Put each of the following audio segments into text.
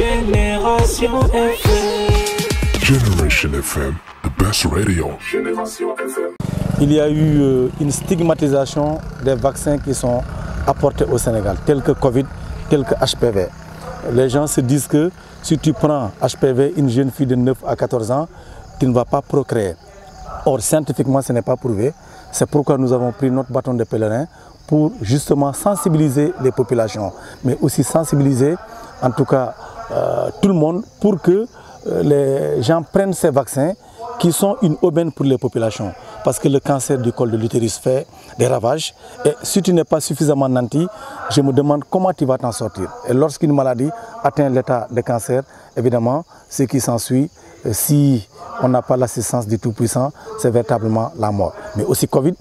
Génération FM. Generation FM, the best radio. Il y a eu euh, une stigmatisation des vaccins qui sont apportés au Sénégal, tels que Covid, tels que HPV. Les gens se disent que si tu prends HPV, une jeune fille de 9 à 14 ans, tu ne vas pas procréer. Or, scientifiquement, ce n'est pas prouvé. C'est pourquoi nous avons pris notre bâton de pèlerin pour justement sensibiliser les populations, mais aussi sensibiliser, en tout cas, euh, tout le monde pour que euh, les gens prennent ces vaccins qui sont une aubaine pour les populations. Parce que le cancer du col de l'utérus fait des ravages. Et si tu n'es pas suffisamment nanti, je me demande comment tu vas t'en sortir. Et lorsqu'une maladie atteint l'état de cancer, évidemment, ce qui s'ensuit, euh, si on n'a pas l'assistance du Tout-Puissant, c'est véritablement la mort. Mais aussi Covid,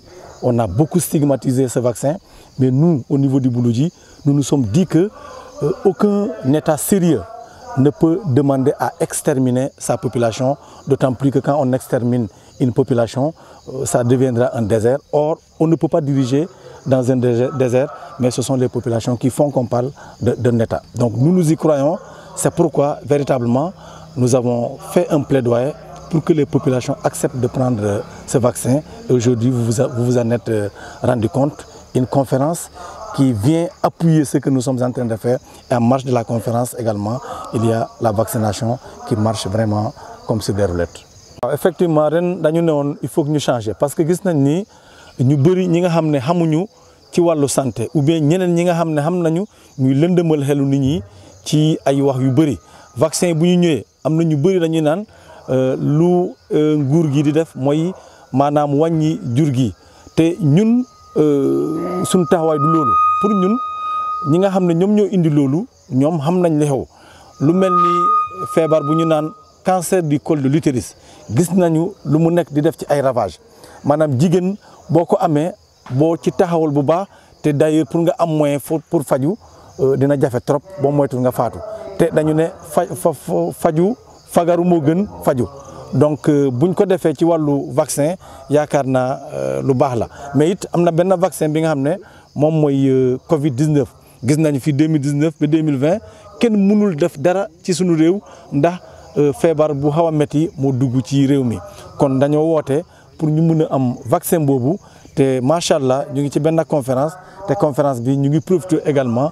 on a beaucoup stigmatisé ce vaccin. Mais nous, au niveau du Bouloudji, nous nous sommes dit que aucun état sérieux ne peut demander à exterminer sa population, d'autant plus que quand on extermine une population, euh, ça deviendra un désert. Or, on ne peut pas diriger dans un désert, mais ce sont les populations qui font qu'on parle d'un État. Donc nous nous y croyons, c'est pourquoi véritablement nous avons fait un plaidoyer pour que les populations acceptent de prendre euh, ce vaccin. Aujourd'hui, vous vous en êtes euh, rendu compte, une conférence qui vient appuyer ce que nous sommes en train de faire. Et en marche de la conférence également, il y a la vaccination qui marche vraiment comme c'est des roulettes. effectivement il faut que nous changions parce que nous, nañ ni ñu bëri ñi nga xam ne xamuñu ci santé ou bien ñeneen ñi nga xam ne xam nañu ñuy lëndëmal xelu nit ñi ci ay wax yu bëri vaccin bu ñu ñëwee am ñu bëri dañuy naan euh, lu euh, nguur gi di def mooy te ñun Euh, suñu taxawaay du loolu pour ñun ñi nga xam ne ñoom ñoo indi loolu ñoom xam nañ li xew lu mel ni feebar bu ñu naan cancer du col de l'utérus gis nañu lu mu nekk di def ci ay ravage maanaam jigéen boo ko amee boo ci taxawal bu baax te d'ailleurs pour nga am moyen pour faju euh, dina jafe trop boo moytu nga faatu te dañu ne fa faju fagaru moo gën faju donc euh, buñ ko defee ci walu vaccin yakarna euh, lu bax la mais it am ben vaccin bi nga xamné mom moy euh, Covid 19 gis nañ fi 2019 ba 2020 kenn mënul def dara ci sunu réew ndax feebar bu hawa metti mo dugg ci réew mi kon dañoo woté pour ñu mëna am vaccin bobu, te machallah ñu ngi ci ben conférence te conférence bi ñu ngi profiter également